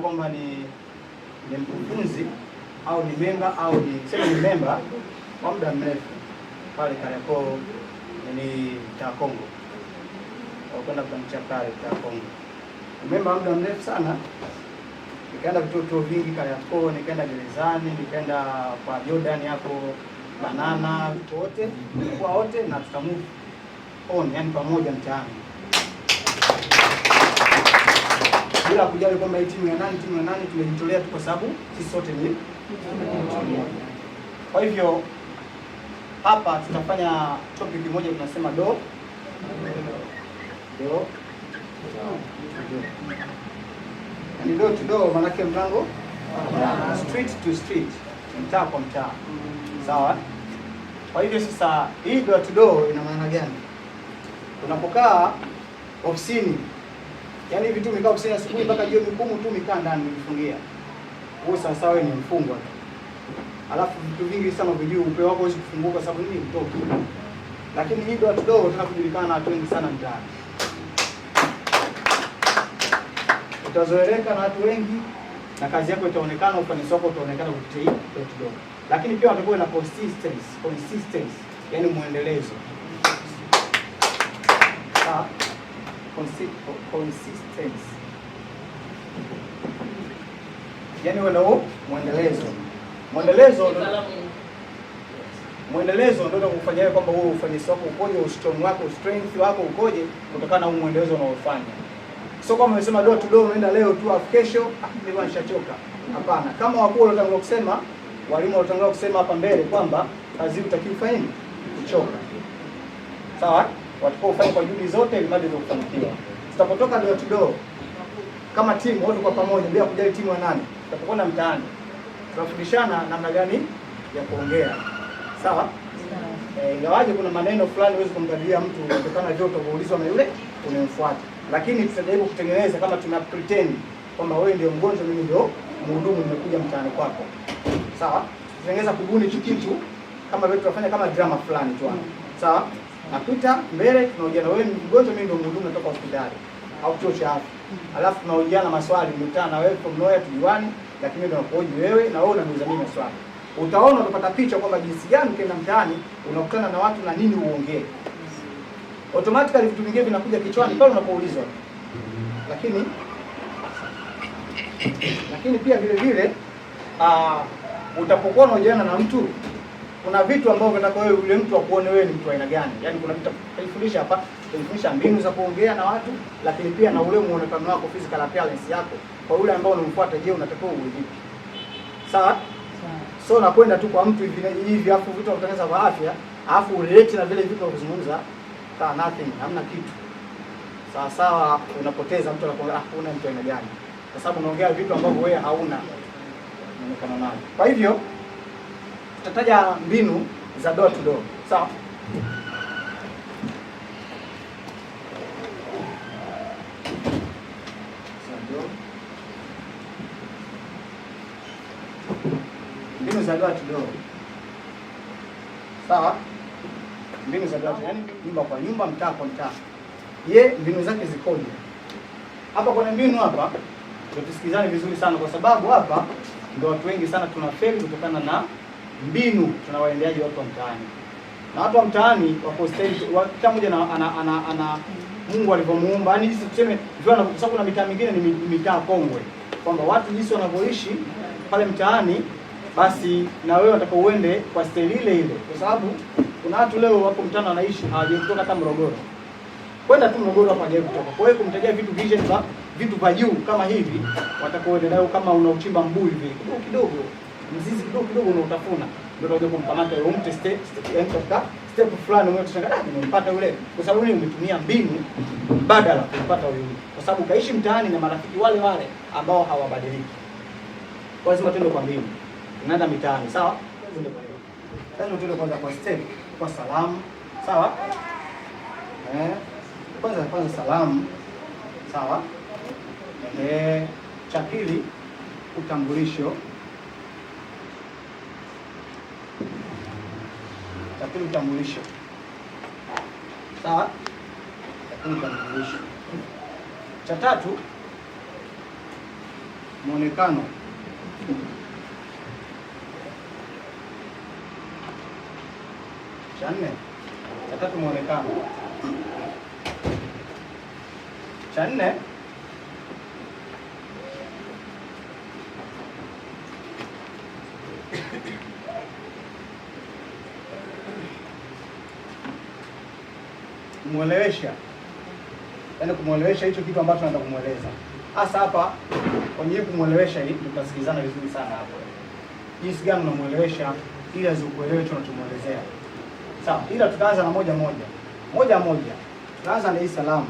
kwamba ni ni mkufunzi au ni memba au ni sema ni memba kwa muda mrefu pale Kariakoo ni mtaa Kongo, kwenda kuamcha pale mtaa Kongo, memba muda mrefu sana. Nikaenda vituo vingi Kariakoo, nikaenda gerezani, nikaenda kwa Jordan hapo Banana, wote kwa wote na tukamuvu on, yani pamoja mtaani bila kujali kwamba hii timu ya nani timu ya nani, tumejitolea tu kwa sababu sisi sote ni kwa hivyo hapa tutafanya topic moja tunasema do do ni yaani do to do, manake mlango street to street, mtaa kwa mtaa, sawa. Kwa hivyo sasa hii do to do ina maana gani? Unapokaa ofisini Yaani hivi tu nikao kusema asubuhi mpaka jioni hukumu tu nikaa ndani nimefungia. Wewe sasa wewe ni mfungwa Alafu vitu vingi sana vijui upeo wako huwezi kufunguka kwa sababu nini mtoki. Lakini hii ndio kidogo tunakujulikana na watu wengi sana mtaani. Utazoeleka na watu wengi na kazi yako itaonekana, ufanisi wako utaonekana kupitia hii kidogo kidogo. Lakini pia watakuwa na consistency, consistency, yani muendelezo. Sawa? consistency, yani wana mwendelezo. Mwendelezo mwendelezo ndio unakufanyia kwamba wewe ufanyisi wako ukoje, ustrong wako strength wako ukoje, kutokana na mwendelezo unaofanya. Sio kama umesema door to door unaenda leo tu afu kesho ah, mimi nishachoka. Hapana, kama wakuu wanatangaza kusema, walimu wanatangaza kusema hapa mbele kwamba kazi utakiwa ufanye kuchoka, sawa watakuwa kwa juhudi zote ili mradi kufanikiwa. Tutapotoka ndio tudo kama timu wote kwa pamoja, bila kujali timu ya nani, tutapokwenda mtaani tutafundishana namna gani ya kuongea sawa. E, ingawaje kuna maneno fulani huwezi kumkadiria mtu kutokana joto, kuulizwa na yule unayemfuata, lakini tutajaribu kutengeneza kama tuna pretend kwamba wewe ndio mgonjwa, mimi ndio mhudumu, nimekuja mtaani kwako, sawa. Tutengeneza kubuni kitu kama vile tunafanya kama drama fulani tu, mm. sawa nakuta mbele, tunahojiana, wewe ni mgonjwa, mimi ndio mhudumu, natoka hospitali au kituo cha afya, alafu tunahojiana maswali, nimekutana na wewe kwa mnoya, tujuani, lakini ndio nakuhoji wewe na wewe unaniuliza mimi maswali. Utaona utapata picha kwamba jinsi gani ukienda mtaani unakutana na watu na nini uongee, automatically vitu vingine vinakuja kichwani pale unapoulizwa. Lakini lakini pia vile vile uh, utapokuwa unahojiana na mtu kuna vitu ambavyo vinataka wewe yule mtu akuone wewe ni mtu aina gani. Yaani kuna vitu tunafundisha hapa, tunafundisha mbinu za kuongea na watu, lakini pia na ule muonekano wako, physical appearance yako kwa yule ambaye unamfuata. Je, unatakiwa uwe vipi? Sawa? So nakwenda tu kwa mtu hivi hivi, afu vitu kutangaza kwa afya, afu relate na vile vitu kuzungumza, ka nothing, hamna kitu. Sawa sawa, unapoteza mtu anakuambia ah, una mtu aina gani? Kwa sababu unaongea vitu ambavyo wewe hauna muonekano nao. Kwa hivyo tutataja mbinu za door to door, sawa? Mbinu za door to door, sawa? Mbinu za door to door, yani nyumba kwa nyumba, mtaa kwa mtaa. Ye, mbinu zake zikoje? Hapa kuna mbinu hapa, ndio vizuri sana, kwa sababu hapa ndio watu wengi sana tunafeli kutokana na mbinu tunawaendeaje watu wa mtaani, na watu wa mtaani wako stage kila mmoja ana, ana, ana, ana Mungu alivyomuumba, yani jinsi tuseme, kwa sababu kuna mitaa mingine ni mitaa kongwe, kwamba watu jinsi wanavyoishi pale mtaani, basi na wewe unataka uende kwa staili ile ile, kwa sababu kuna watu leo wako mtaani wanaishi hawajawahi hata Morogoro, kwenda tu Morogoro hapa jeu kutoka. Kwa hiyo kumtegea vitu vision za vitu vya juu kama hivi, watakuendelea kama unauchimba mbuyu vile kidogo kidogo mzizi kidogo kidogo unautafuna, ndio unakuja kumkamata yule mtu step step, katika step fulani wewe utashangaa, ah, nimempata yule, kwa sababu yule umetumia mbinu badala kumpata yule, kwa sababu kaishi mtaani na marafiki wale wale ambao hawabadiliki. Kwa lazima tuende kwa mbinu, tunaenda mitaani, sawa? Tuende kwa Lazima tuende kwanza kwa step, kwa salamu, sawa? Eh, kwanza kwanza salamu, sawa? Eh, cha pili utambulisho Lakini utambulisho sawa, lakini utambulisho. Cha tatu mwonekano cha nne cha tatu mwonekano cha nne kumwelewesha, yaani kumwelewesha hicho kitu ambacho nataka kumweleza hasa hapa kwenye kumwelewesha. Hii tutasikilizana vizuri sana hapo, jinsi gani unamwelewesha ili azikuelewe hicho unachomwelezea. Sawa, ila tutaanza na moja moja moja moja, tutaanza na hii salamu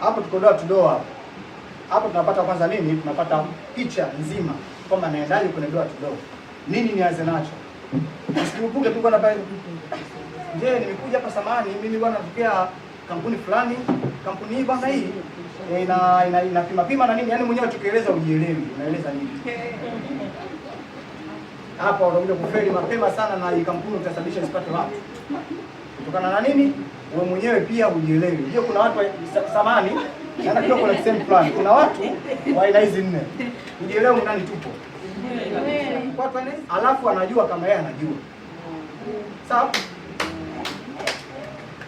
hapo. Tukodoa tudoa hapo hapo, tunapata kwanza nini? Tunapata picha nzima kwamba naendaje kwenye doa tudoa, nini nianze nacho. Usikumbuke tu kwamba je, nimekuja hapa samani, mimi bwana natokea kampuni fulani, kampuni hii bwana hii eh, ina ina ina pima na nini, yaani mwenyewe tukieleza ujielewi, unaeleza nini hapa? Unakuja kufeli mapema sana, na hii kampuni utasababisha isipate watu kutokana na nini? Wewe mwenyewe pia ujielewi Ndio kuna watu samani ana yaani kidogo, kuna same plan, kuna watu wa aina hizi nne, ujielewi ndani tupo watu, alafu anajua kama yeye anajua sawa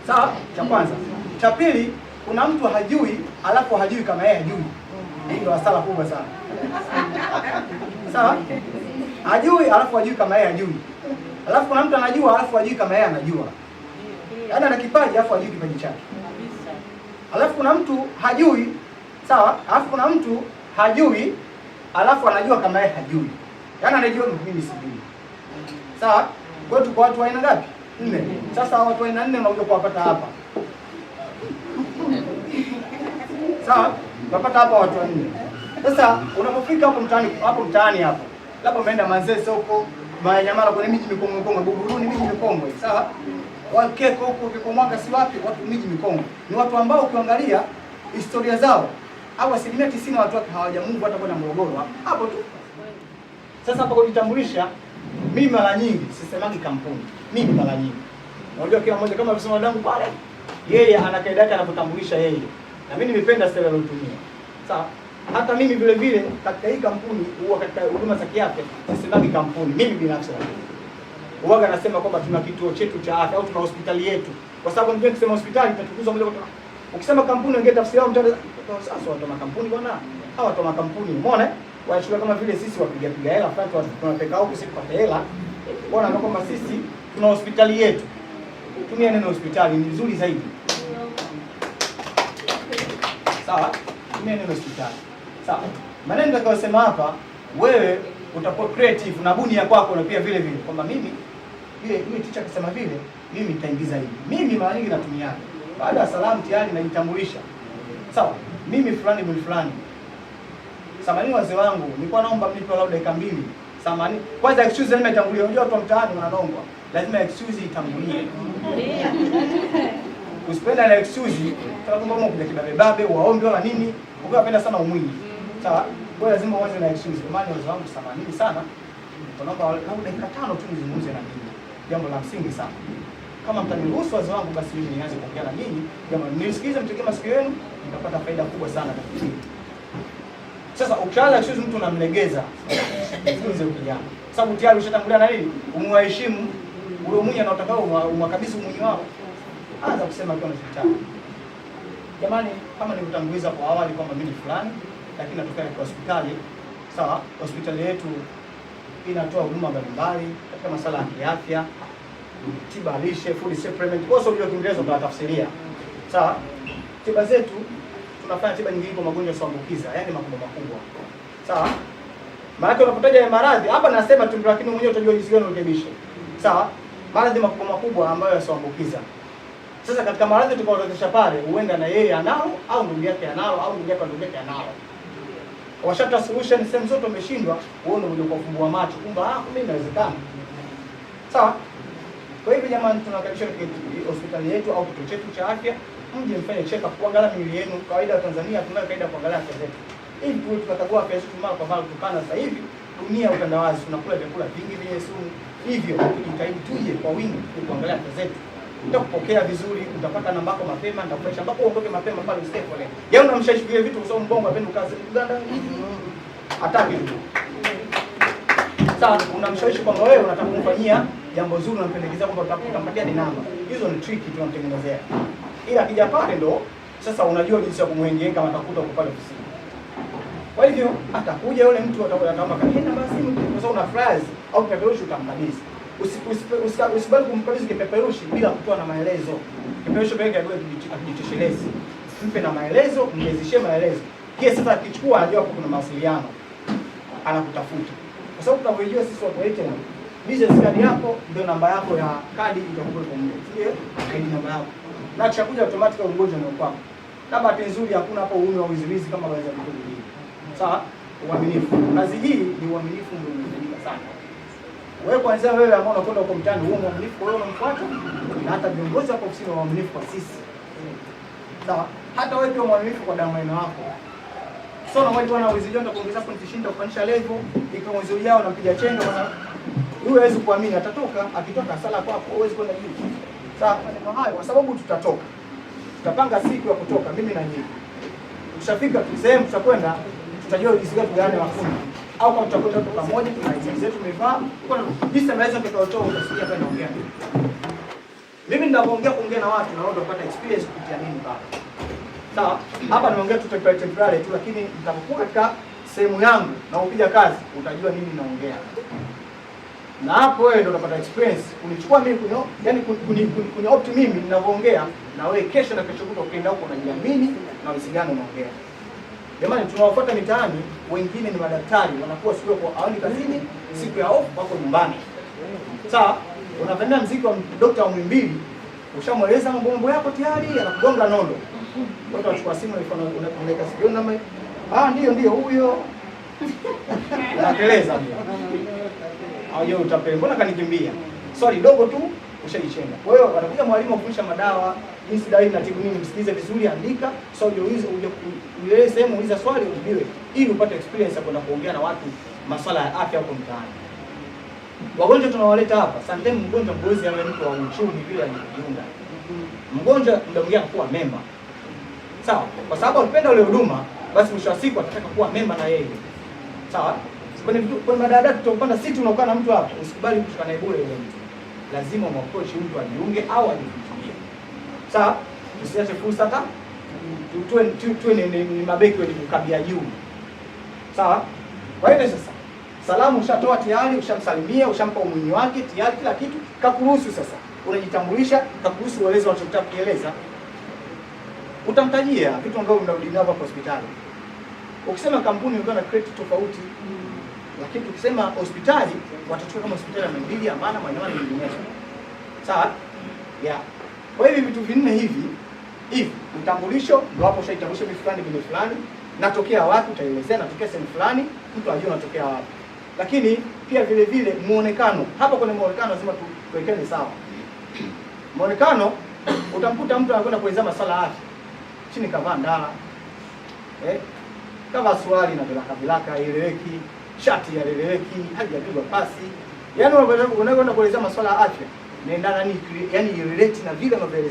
Sawa, cha kwanza. Cha pili, kuna mtu hajui alafu hajui kama yeye hajui. Hii ndio hasara kubwa sana. Sawa? Hajui alafu hajui kama yeye hajui. Alafu kuna mtu anajua alafu hajui kama yeye anajua. Yaani ana kipaji alafu hajui kipaji chake. Alafu kuna mtu hajui, sawa? Alafu kuna mtu hajui alafu anajua kama yeye hajui. Yaani anajua mimi sijui. Sawa? Kwa watu aina ngapi? nne. Sasa watu aina nne unakuja kuwapata hapa sawa, unapata hapa watu wanne. Sasa unapofika hapo mtaani, hapo mtaani hapo, labda umeenda Manzese huko Manyamala, kwenye miji mikongwe mikongwe, Buguruni, miji mikongwe sawa, Wakeko huko mwaka si wapi, watu miji mikongwe ni watu ambao ukiangalia historia zao au asilimia tisini watu wake hawajamungu hata kwenda Morogoro hapo tu. Sasa hapo kujitambulisha mimi mara nyingi sisemangi kampuni, mimi mara nyingi unajua, kila mmoja kama alivyosema damu pale, yeye ana kaida yake anavyotambulisha yeye, na mimi nimependa style aliyotumia. Sawa, hata mimi vile vile katika hii kampuni huwa katika huduma za kiafya sisemangi kampuni, mimi binafsi huwa nasema kwamba tuna kituo chetu cha afya au tuna hospitali yetu, kwa sababu ndio kusema hospitali tutatukuzwa mmoja kwa moja. Ukisema kampuni, ungeta tafsiri yao mtaani sasa, watu wa kampuni bwana hawa watu kampuni makampuni, umeona wanachukua kama vile sisi wapiga piga hela fulani, tunapeka huko sisi tupate hela. Mbona ndio kwamba sisi tuna hospitali yetu, tumia neno hospitali ni vizuri zaidi, sawa? Tumia neno hospitali, sawa? Maneno nitakayosema hapa, wewe utakuwa creative na buni ya kwako, na pia vile vile kwamba mimi vile mimi ticha akisema vile, mimi nitaingiza hivi. Mimi mara nyingi natumia baada ya salamu tayari najitambulisha, sawa? Mimi fulani bin fulani samani wazee wangu, nilikuwa naomba mimi kwa dakika mbili samani. Kwanza excuse lazima itangulie. Unajua watu mtaani wanalongwa, lazima excuse itangulie. Usipenda na excuse, tunakumba kama kuja kibabe babe, waombe wala nini, ukiwa penda sana umwingi. Sawa? Kwa lazima uanze na excuse. Kwa maana wazee wangu samani sana. Tunaomba lau dakika tano tu nizungumze na mimi. Jambo la msingi sana. Kama mtaniruhusu wazee wangu, basi mimi nianze kuongea na nyinyi. Jamani, nisikilize mtekee masikio yenu, nitapata faida kubwa sana katika sasa ukilala kesho mtu unamlegeza, jifunze ukijana, sababu tayari ushatangulia na nini, umwaheshimu ule umwinyi anaotakao umwakabidhi mwenye wao, anza kusema kwa nachotaka. Jamani, kama nilikutanguliza kwa awali kwamba mimi ni fulani, lakini natokea kwa hospitali sawa. Hospitali yetu inatoa huduma mbalimbali katika masuala ya kiafya, tiba, lishe, food supplement, kwa sababu hiyo Kiingereza tunatafsiria sawa, tiba zetu tunafanya tiba nyingine kwa magonjwa yasiyoambukiza, yani makubwa makubwa. Sawa? Maana unapotaja maradhi hapa nasema tu, lakini mwenyewe utajua jinsi gani urekebishe. Sawa? Maradhi makubwa makubwa ambayo yasiyoambukiza. Sasa katika maradhi tukaorodhesha pale, huenda na yeye anao au ndugu yake anao au ndugu yake ndugu yake anao. Washata solution sehemu zote umeshindwa, wewe ndio unakuja kufumbua macho, kumbe ah, kumbe inawezekana. Sawa? Kwa hivyo jamani, tunakaribisha katika hospitali yetu au kituo chetu cha afya mje mfanye check up kuangalia miili yenu. Kawaida wa Tanzania tunayo kaida kuangalia afya zetu, ili tuwe tunakagua afya zetu mara kwa mara, kutokana sasa hivi dunia utandawazi, tunakula vyakula vingi vyenye sumu. Hivyo tujitahidi tuje kwa wingi kuangalia afya zetu, nitakupokea vizuri, utapata namba yako mapema, nitakuacha ambapo uondoke mapema pale, usikae foleni. Yeye unamshaishikilia vitu kwa sababu mbongo apende kazi Uganda hataki sasa unamshawishi kwamba wewe unataka kumfanyia jambo zuri, unampendekeza kwamba utampatia ni namba. Hizo ni trick tunamtengenezea ila akija pale ndo sasa unajua jinsi ya kumwenjea kama atakuta uko pale ofisini. Kwa hivyo atakuja yule mtu atakuja kama kahena basi mtu kwa sababu una frazi au kipeperushi utamkabidhi. usi, kumkabidhi kipeperushi bila kutoa na maelezo. Kipeperushi pekee ndio kijitoshelezi. Mpe na maelezo, mjezishie maelezo. Kile sasa akichukua anajua kuna mawasiliano. Anakutafuta. Kwa sababu tunavyojua sisi watu wote business card yako ndio namba yako ya kadi itakuwa kwa mtu. Ndio namba yako na chakuja automatic ugonjwa ni kwako. Na bahati nzuri hakuna hapo uume wa wiziwizi kama waweza ya vitu Sawa? Uaminifu. Kazi hii ni uaminifu ndio unahitajika sana. Wewe kwanza wewe ambao unakwenda kwa mtani huo uaminifu wewe unamfuata na hata viongozi wako ofisini wa waaminifu kwa sisi. Sawa? Hata wewe pia uaminifu kwa damu yako wako. So na mwali wana wizi jonda kuongeza point shinda kufanisha level ikiwa mwezi ujao unapiga chenga bwana. Huyu hawezi kuamini atatoka akitoka sala kwako huwezi kwenda juu. Sasa maneno hayo, kwa sababu tutatoka, tutapanga siku ya kutoka, mimi na nyinyi. Tukishafika sehemu tutakwenda, tutajua jinsi gani tugawane makundi, au kama tutakwenda kwa pamoja, tuna zetu tumevaa kwa jinsi naweza kutoa utasikia kwa naongea mimi ninapoongea kuongea na watu naona kupata experience kupitia nini baba. Sawa? Hapa naongea tu temporary temporary tu lakini nitapokuwa katika sehemu yangu na ukija kazi utajua nini naongea na hapo wewe ndio unapata experience kunichukua mimi kunyo, yani kuni, kuni, kuni opt mimi ninavyoongea na wewe, kesho na kesho kutwa ukienda huko unajiamini na usigano unaongea. Jamani, tunawafuata mitaani, wengine ni madaktari wanakuwa siku kwa hawani kazini, siku ya off wako nyumbani. Sawa, unapenda mziki wa Dr. Mwimbili, ushamweleza mambo yako tayari, anakugonga nondo. Watu wachukua simu unaweka sijoni, na ah, ndio ndio huyo. Nateleza hiyo utapeli, mbona kanikimbia? Sorry dogo tu ushaichenga Kwa hiyo anakuja mwalimu afundisha madawa, jinsi dawa inatibu nini, msikilize vizuri, andika so ujiulize, uje sehemu uliza swali ujibiwe, ili upate experience ya kwenda kuongea na watu masuala ya afya huko mtaani. Wagonjwa tunawaleta hapa, sometimes mgonjwa mgozi awe mtu wa uchumi bila kujiunga. Mgonjwa muda kuwa memba. Sawa? Kwa sababu alipenda ile huduma, basi mwisho wa siku atataka kuwa memba na yeye. Sawa? kwenye vitu kwenye madada tutapanda sisi tunakuwa na mtu hapo, usikubali mtu kana bure yule mtu. Lazima umapproach mtu ajiunge au ajifikirie. Sawa? Tusiache fursa hata tuwe tuwe ni, ni, mabeki wenye kukabia juu. Sawa? Kwa hiyo sasa salamu ushatoa tayari, ushamsalimia, ushampa umwinyi wake tayari, kila kitu kakuruhusu sasa. Unajitambulisha, kakuruhusu ueleze unachotaka kueleza. Utamtajia vitu ambavyo mnarudi navyo hospitali. Ukisema kampuni ukiwa na credit tofauti lakini tukisema hospitali watachukua kama hospitali ya Muhimbili, Amana, Manyara na nyinginezo. Sawa? Yeah. Kwa hivi vitu vinne hivi hivi utambulisho ndio hapo ushaitambulisha mimi fulani mimi fulani, natokea wapi utaelezea, natokea sehemu fulani, mtu ajue natokea wapi. Lakini pia vile vile muonekano, Hapa kwenye muonekano lazima tuwekeni sawa. Muonekano utamkuta mtu anakwenda kuelezea masala yake. Chini kavaa ndala. Eh? Kavaa suali na vilaka vilaka, ieleweki shati yaleleweki, pigwa pasi. yani unakwenda kuelezea masuala ya afya naendana, yani relate na vile mavele